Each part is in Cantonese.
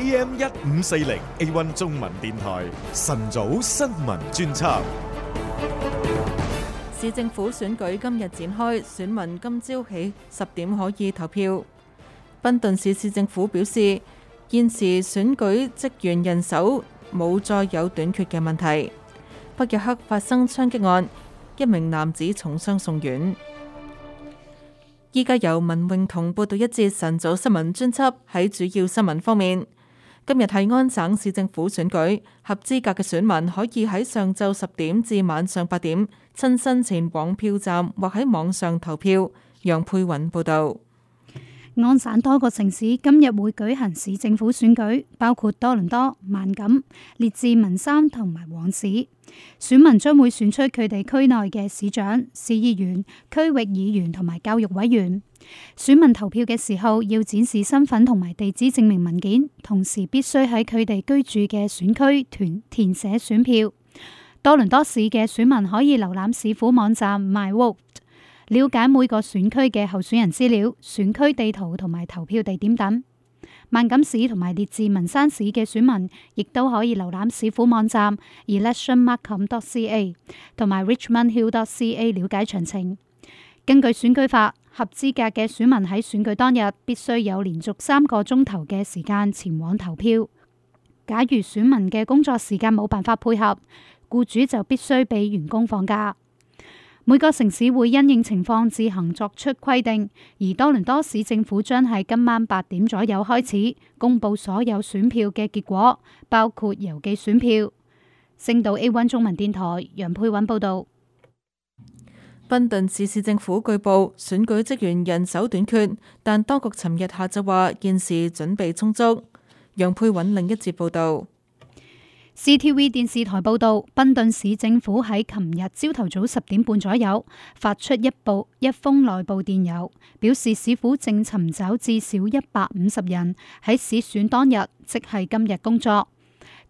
AM 一五四零 A One 中文電台晨早新聞專輯，市政府選舉今日展開，選民今朝起十點可以投票。賓頓市市政府表示，現時選舉職員人手冇再有短缺嘅問題。北約克發生槍擊案，一名男子重傷送院。依家由文詠彤報道一節晨早新聞專輯。喺主要新聞方面。今日係安省市政府選舉，合資格嘅選民可以喺上晝十點至晚上八點親身前往票站或喺網上投票。楊佩雲報道，安省多個城市今日會舉行市政府選舉，包括多倫多、萬錦、列治文山同埋旺市，選民將會選出佢哋區內嘅市長、市議員、區域議員同埋教育委員。選民投票嘅時候要展示身份同埋地址證明文件，同時必須喺佢哋居住嘅選區團填寫選票。多倫多市嘅選民可以瀏覽市府網站 MyVote 了解每個選區嘅候選人資料、選區地圖同埋投票地點等。萬錦市同埋列治文山市嘅選民亦都可以瀏覽市府網站 electionmarkham.ca 同埋 richmondhill.ca 了解詳情。根據選舉法，合資格嘅選民喺選舉當日必須有連續三個鐘頭嘅時間前往投票。假如選民嘅工作時間冇辦法配合，僱主就必須俾員工放假。每個城市會因應情況自行作出規定，而多倫多市政府將喺今晚八點左右開始公佈所有選票嘅結果，包括郵寄選票。星島 A1 中文電台楊佩韻報道。賓頓市市政府據報選舉職員人手短缺，但當局尋日下晝話現時準備充足。楊佩韻另一節報道，C T V 電視台報道，賓頓市政府喺尋日朝頭早十點半左右發出一部一封內部電郵，表示市府正尋找至少一百五十人喺市選當日，即係今日工作。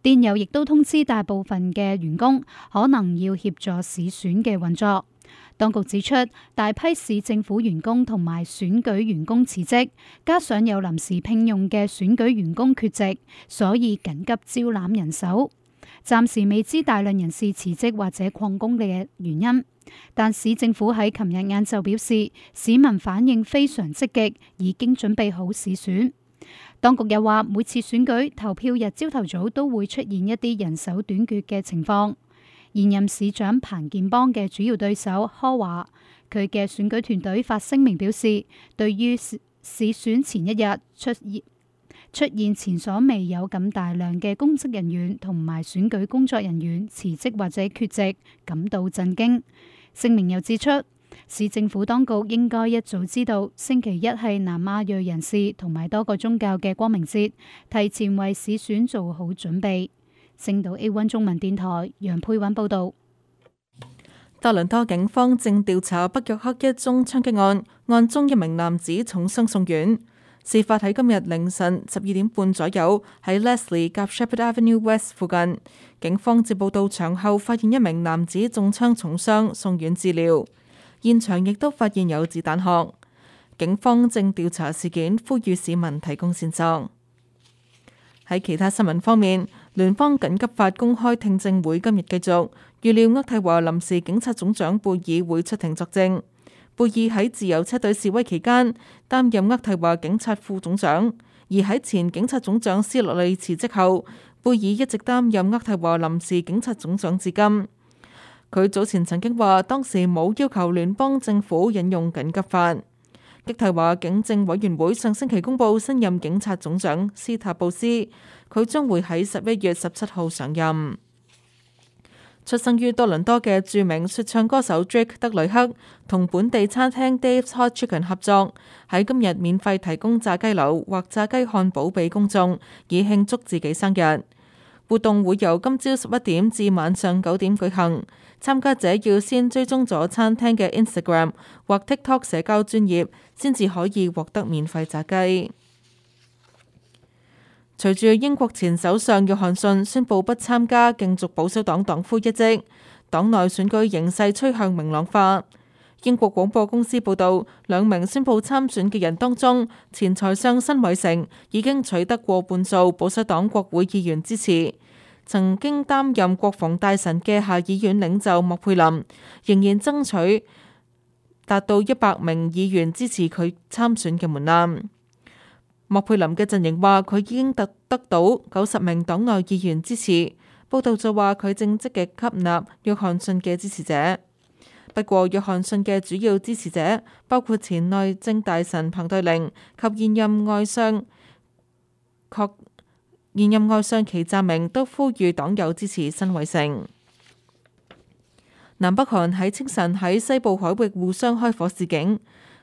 電郵亦都通知大部分嘅員工可能要協助市選嘅運作。當局指出，大批市政府員工同埋選舉員工辭職，加上有臨時聘用嘅選舉員工缺席，所以緊急招攬人手。暫時未知大量人士辭職或者曠工嘅原因，但市政府喺琴日晏晝表示，市民反應非常積極，已經準備好市選。當局又話，每次選舉投票日朝頭早都會出現一啲人手短缺嘅情況。現任市長彭建邦嘅主要對手柯華，佢嘅選舉團隊發聲明表示，對於市選前一日出現出現前所未有咁大量嘅公職人員同埋選舉工作人員辭職或者缺席，感到震驚。聲明又指出，市政府當局應該一早知道星期一係南亞裔人士同埋多個宗教嘅光明節，提前為市選做好準備。聖島 A1 中文電台楊佩韻報道：多倫多警方正調查北約克一宗槍擊案，案中一名男子重傷送院。事發喺今日凌晨十二點半左右，喺 Leslie 及 Sheppard Avenue West 附近。警方接報到場後，發現一名男子中槍重傷，送院治療。現場亦都發現有子彈殼。警方正調查事件，呼籲市民提供線索。喺其他新聞方面，聯邦緊急法公開聽證會今日繼續。預料渥太華臨時警察總長貝爾會出庭作證。貝爾喺自由車隊示威期間擔任渥太華警察副總長，而喺前警察總長斯洛利辭職後，貝爾一直擔任渥太華臨時警察總長至今。佢早前曾經話，當時冇要求聯邦政府引用緊急法。激提話，警政委員會上星期公佈新任警察總長斯塔布斯，佢將會喺十一月十七號上任。出生於多倫多嘅著名説唱歌手 Drake 德里克，同本地餐廳 Dave's Hot Chicken 合作，喺今日免費提供炸雞柳或炸雞漢堡俾公眾，以慶祝自己生日。活動會由今朝十一點至晚上九點舉行，參加者要先追蹤咗餐廳嘅 Instagram 或 TikTok 社交專頁，先至可以獲得免費炸雞。隨住英國前首相約翰遜宣布不參加競逐保守黨黨魁一職，黨內選舉形勢趨向明朗化。英國廣播公司報導，兩名宣佈參選嘅人當中，前財相辛偉誠已經取得過半數保守黨國會議員支持；曾經擔任國防大臣嘅下議院領袖莫佩林，仍然爭取達到一百名議員支持佢參選嘅門檻。莫佩林嘅陣營話佢已經得得到九十名黨外議員支持。報道就話佢正積極吸納約翰遜嘅支持者。不過，約翰遜嘅主要支持者包括前內政大臣彭黛玲及現任外相，確現任外相祁湛明都呼籲黨友支持新委成。南北韓喺清晨喺西部海域互相開火示警。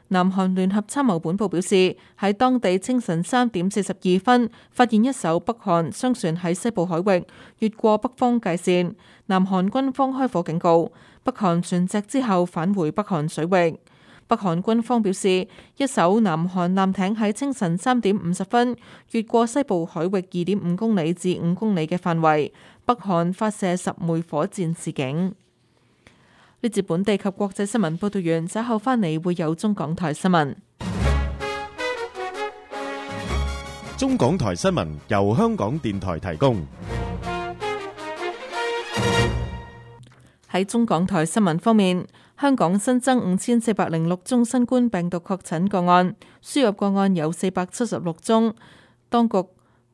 南韓聯合參謀本部表示，喺當地清晨三點四十二分，發現一艘北韓商船喺西部海域越過北方界線，南韓軍方開火警告。北韓船隻之後返回北韓水域。北韓軍方表示，一艘南韓艦艇喺清晨三點五十分越過西部海域二點五公里至五公里嘅範圍，北韓發射十枚火箭示警。接住本地及國際新聞報道員，稍後返嚟會有中港台新聞。中港台新聞由香港電台提供。喺中港台新聞方面，香港新增五千四百零六宗新冠病毒確診個案，輸入個案有四百七十六宗。當局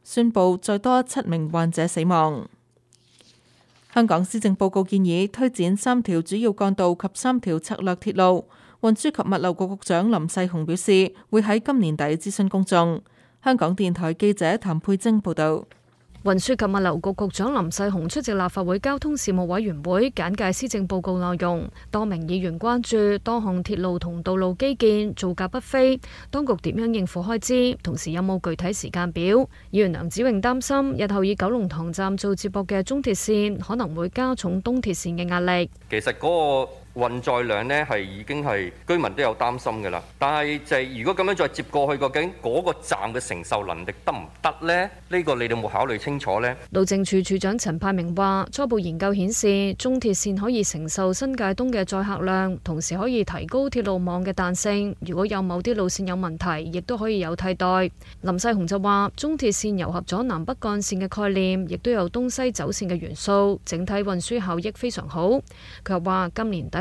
宣布再多七名患者死亡。香港施政報告建議推展三條主要幹道及三條策略鐵路。運輸及物流局局長林世雄表示，會喺今年底諮詢公眾。香港電台記者譚佩晶報道。運輸及物流局局長林世雄出席立法會交通事務委員會，簡介施政報告內容。多名議員關注多項鐵路同道路基建造價不菲，當局點樣應付開支，同時有冇具體時間表？議員梁子榮擔心日後以九龍塘站做接駁嘅中鐵線，可能會加重東鐵線嘅壓力。其實嗰個運載量呢係已經係居民都有擔心㗎喇，但係就係如果咁樣再接過去，究竟嗰個站嘅承受能力得唔得呢？呢個你哋冇考慮清楚呢？路政署署長陳派明話：初步研究顯示，中鐵線可以承受新界東嘅載客量，同時可以提高鐵路網嘅彈性。如果有某啲路線有問題，亦都可以有替代。林世雄就話：中鐵線糅合咗南北幹線嘅概念，亦都有東西走線嘅元素，整體運輸效益非常好。佢又話今年底，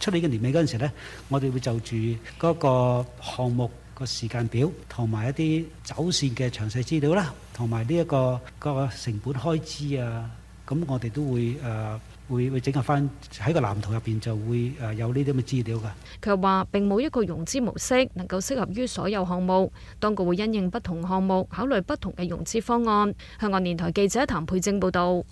出年嘅年尾嗰陣時呢，我哋會就住嗰個項目個時間表同埋一啲走線嘅詳細資料啦，同埋呢一個個成本開支啊，咁我哋都會誒會會整合翻喺個藍圖入邊就會誒有呢啲咁嘅資料噶。佢話並冇一個融資模式能夠適合於所有項目，當局會因應不同項目考慮不同嘅融資方案。香港電台記者譚佩正報道。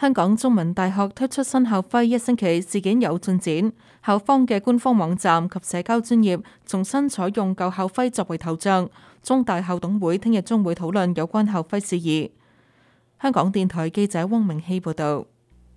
香港中文大學推出新校徽一星期事件有進展，校方嘅官方網站及社交專業重新採用舊校徽作為頭像。中大校董會聽日將會討論有關校徽事宜。香港電台記者汪明希報道：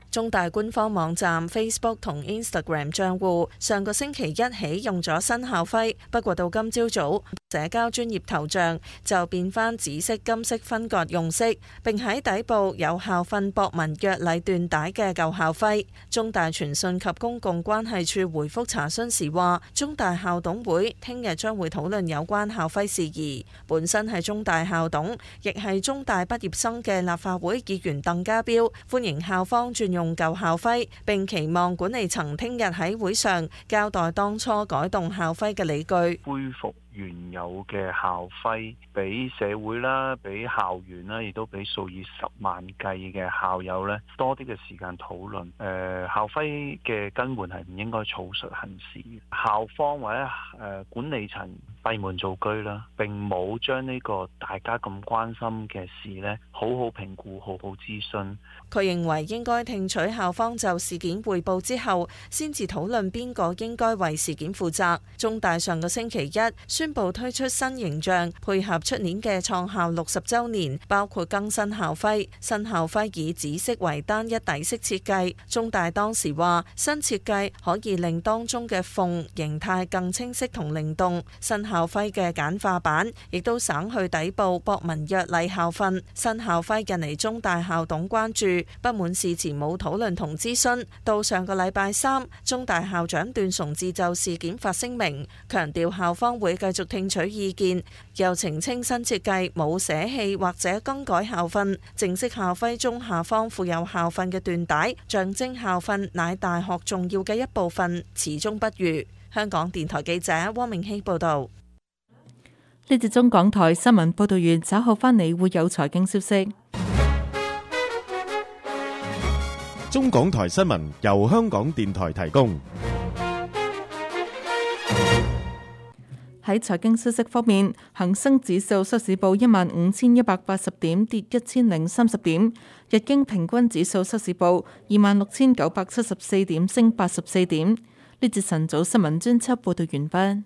中大官方網站 Facebook 同 Instagram 賬戶上個星期一起用咗新校徽，不過到今朝早。社交專業頭像就變翻紫色、金色分割用色，並喺底部有校訓博文約禮緞帶嘅舊校徽。中大傳訊及公共關係處回復查詢時話，中大校董會聽日將會討論有關校徽事宜。本身係中大校董，亦係中大畢業生嘅立法會議員鄧家彪，歡迎校方轉用舊校徽，並期望管理層聽日喺會上交代當初改動校徽嘅理據。原有嘅校徽，俾社會啦，俾校園啦，亦都俾數以十萬計嘅校友呢，多啲嘅時間討論。誒、呃，校徽嘅更換係唔應該草率行事，校方或者誒、呃、管理層。閉門造車啦，並冇將呢個大家咁關心嘅事呢，好好評估，好好諮詢。佢認為應該聽取校方就事件匯報之後，先至討論邊個應該為事件負責。中大上個星期一宣布推出新形象，配合出年嘅創校六十周年，包括更新校徽。新校徽以紫色為單一底色設計。中大當時話，新設計可以令當中嘅鳳形態更清晰同靈動。新校校徽嘅簡化版，亦都省去底部博文約禮校訓。新校徽引嚟，中大校董關注不滿事前冇討論同諮詢，到上個禮拜三，中大校長段崇智就事件發聲明，強調校方會繼續聽取意見，又澄清新設計冇捨棄或者更改校訓。正式校徽中下方附有校訓嘅緞帶，象徵校訓乃大學重要嘅一部分，始終不渝。香港電台記者汪明希報道。呢節中港台新聞報道完，稍後返嚟會有財經消息。中港台新聞由香港電台提供。喺財經消息方面，恒生指數收市報一萬五千一百八十點，跌一千零三十點；日經平均指數收市報二萬六千九百七十四點，升八十四點。呢節晨早新聞專輯報道完畢。